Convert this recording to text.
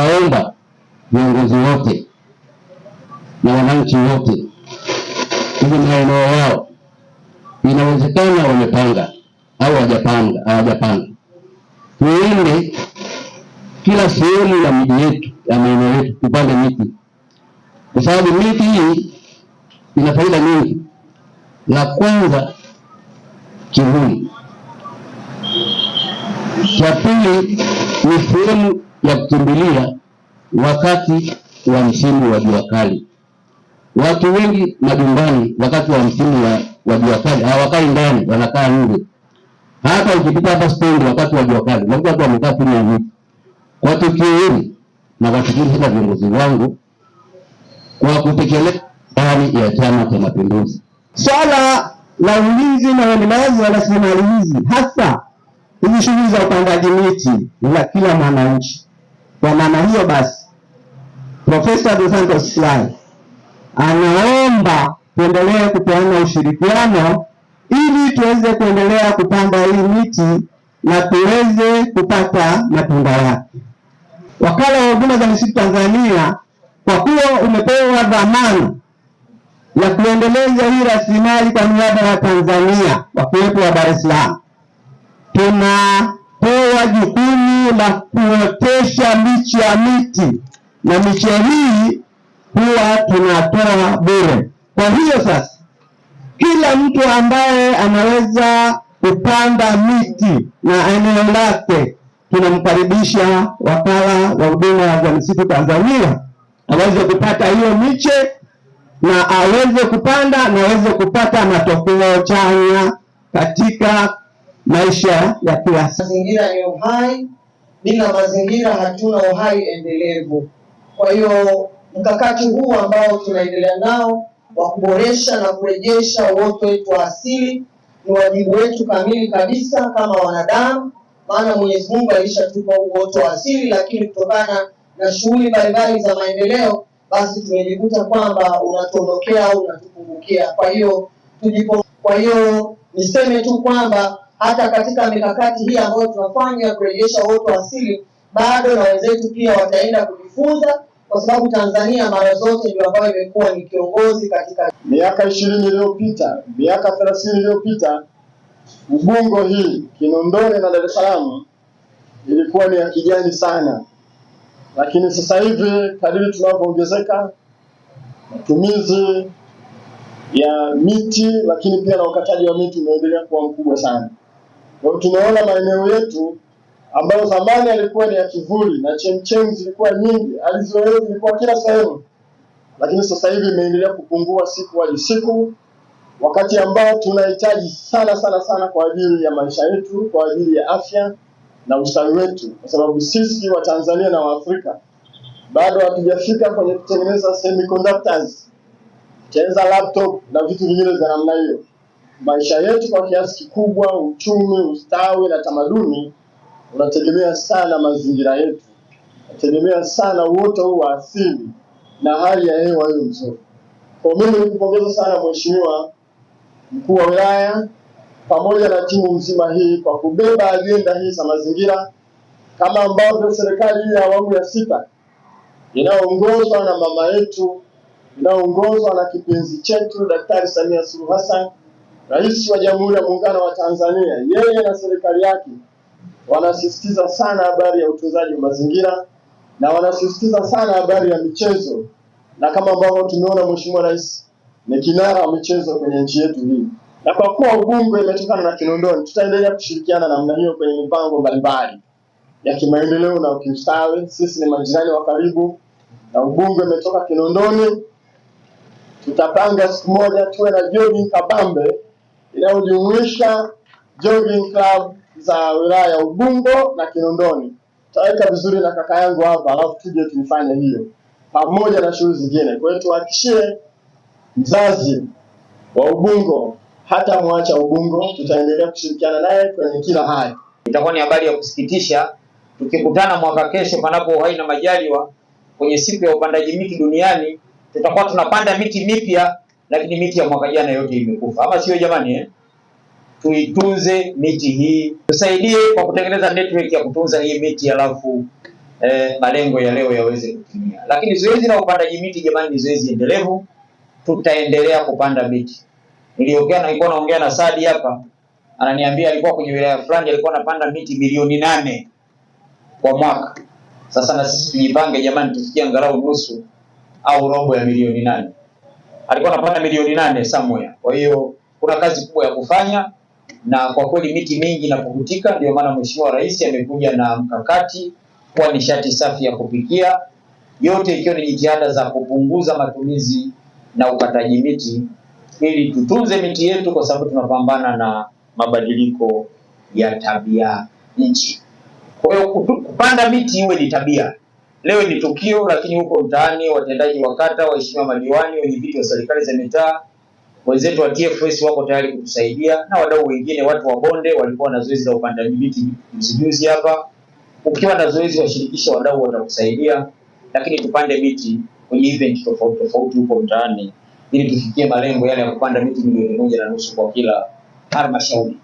nawaomba viongozi wote na wananchi wote, hiyo maeneo yao inawezekana wamepanga au hawajapanga, hawajapanga, tuende kila sehemu ya miji yetu ya maeneo yetu tupande miti, kwa sababu miti hii ina faida nyingi. La kwanza kivuli, cha pili ni sehemu ya kukimbilia wakati wa msimu wa jua kali. Watu wengi majumbani wakati wa msimu wa jua kali hawakai ndani, wanakaa nje. Hata ukipita hapa stendi wakati wa jua kali unakuta watu wamekaa chini ya Kwa tukio hili na sana viongozi wangu kwa kutekeleza ndani ya Chama cha Mapinduzi swala la ulinzi na uendelezaji wa rasilimali hizi hasa hizi shughuli za upandaji miti ni la kila mwananchi. Kwa maana hiyo basi, Profesa Dos Santos Slai anaomba tuendelee kupeana ushirikiano ili tuweze kuendelea kupanda hii miti na tuweze kupata matunda yake. Wakala wa Huduma za Misitu Tanzania, kwa kuwa umepewa dhamana ya kuendeleza hii rasilimali kwa niaba ya Tanzania, wakiwepo wa Dar es Salaam, tuna pewa jukumu la kuotesha miche ya miti, na miche hii huwa tunatoa bure. Kwa hiyo sasa, kila mtu ambaye anaweza kupanda miti na eneo lake, tunamkaribisha wakala wa huduma za misitu Tanzania aweze kupata hiyo miche na aweze kupanda na aweze kupata matokeo chanya katika maisha ya kila Mazingira ni uhai, bila mazingira hatuna uhai endelevu. Kwa hiyo mkakati huu ambao tunaendelea nao wa kuboresha na kurejesha uoto wetu wa asili ni wajibu wetu kamili kabisa kama wanadamu, maana Mwenyezi Mungu alishatupa uoto wa asili, lakini kutokana na shughuli mbalimbali za maendeleo basi tumejikuta kwamba unatondokea au unatupungukia. Kwa hiyo tujipo, kwa hiyo niseme tu kwamba hata katika mikakati hii ambayo tunafanya ya kurejesha uoto wa asili, bado na wenzetu pia wataenda kujifunza, kwa sababu Tanzania mara zote ndio ambayo imekuwa ni kiongozi katika miaka ishirini iliyopita, miaka thelathini iliyopita Ubungo hii Kinondoni na Dar es Salaam ilikuwa ni ya kijani sana, lakini sasa hivi kadiri tunavyoongezeka matumizi ya miti, lakini pia na ukataji wa miti umeendelea kuwa mkubwa sana. Kwa tunaona maeneo yetu ambayo zamani yalikuwa ni ya kivuli na chemchemi zilikuwa nyingi, alizowezi zilikuwa kila sehemu, lakini sasa hivi imeendelea kupungua siku hadi siku, wakati ambao tunahitaji sana sana sana kwa ajili ya maisha yetu, kwa ajili ya afya na ustawi wetu, kwa sababu sisi wa Tanzania na Waafrika bado hatujafika kwenye kutengeneza semiconductors, kutengeneza laptop na vitu vingine vya namna hiyo maisha yetu kwa kiasi kikubwa, uchumi, ustawi na tamaduni unategemea sana mazingira yetu, unategemea sana uoto huu wa asili na hali ya hewa hiyo nzuri. Kwa mimi nikupongeza sana Mheshimiwa Mkuu wa Wilaya pamoja na timu mzima hii kwa kubeba ajenda hii za mazingira kama ambavyo serikali hii ya awamu ya sita inayoongozwa na mama yetu inayoongozwa na kipenzi chetu Daktari Samia Suluhu Hassan Rais wa Jamhuri ya Muungano wa Tanzania, yeye na serikali yake wanasisitiza sana habari ya utunzaji wa mazingira na wanasisitiza sana habari ya michezo, na kama ambavyo tumeona Mheshimiwa Rais ni kinara wa michezo kwenye nchi yetu hii, na kwa kuwa Ubungo imetokana na Kinondoni, tutaendelea kushirikiana namna hiyo kwenye mipango mbalimbali ya kimaendeleo na kiustawi. Sisi ni majirani wa karibu na Ubungo imetoka Kinondoni, tutapanga siku moja tuwe na jogging kabambe inayojumuisha jogging club za wilaya ya Ubungo na Kinondoni. Tutaweka vizuri na kaka yangu hapa, alafu tuje tuifanye hiyo pamoja na shughuli zingine. Kwa hiyo tuhakishie mzazi wa Ubungo hata mwacha Ubungo, tutaendelea kushirikiana naye kwenye kila hali. Itakuwa ni habari ya kusikitisha tukikutana mwaka kesho, panapo uhai na majaliwa, kwenye siku ya upandaji miti duniani, tutakuwa tunapanda miti mipya lakini miti ya mwaka jana yote imekufa, ama sio jamani eh? Tuitunze miti hii, tusaidie kwa kutengeneza network ya kutunza hii miti alafu eh, malengo ya leo yaweze kutimia. Lakini zoezi la upandaji miti jamani ni zoezi endelevu, tutaendelea kupanda miti. Niliongea na alikuwa naongea na Sadi hapa, ananiambia alikuwa kwenye wilaya fulani alikuwa anapanda miti milioni nane kwa mwaka. Sasa na sisi tujipange jamani, tufikie angalau nusu au robo ya milioni nane alikuwa anapata milioni nane somewhere. Kwa hiyo kuna kazi kubwa ya kufanya, na kwa kweli miti mingi inapukutika. Ndio maana Mheshimiwa Rais amekuja na mkakati kwa nishati safi ya kupikia, yote ikiwa ni jitihada za kupunguza matumizi na ukataji miti ili tutunze miti yetu, kwa sababu tunapambana na mabadiliko ya tabia nchi. Kwa hiyo kupanda miti iwe ni tabia. Leo ni tukio, lakini huko mtaani watendaji wa kata, waheshimiwa madiwani, viti wa serikali za mitaa, wenzetu wa TFS wako tayari kutusaidia na wadau wengine. Watu wa bonde walikuwa na zoezi la upandaji miti juzi hapa. Ukiwa na zoezi, washirikisha wadau, watakusaidia. Lakini tupande miti kwenye event tofauti tofauti huko mtaani, ili tufikie malengo yale ya kupanda miti milioni moja na nusu kwa kila halmashauri.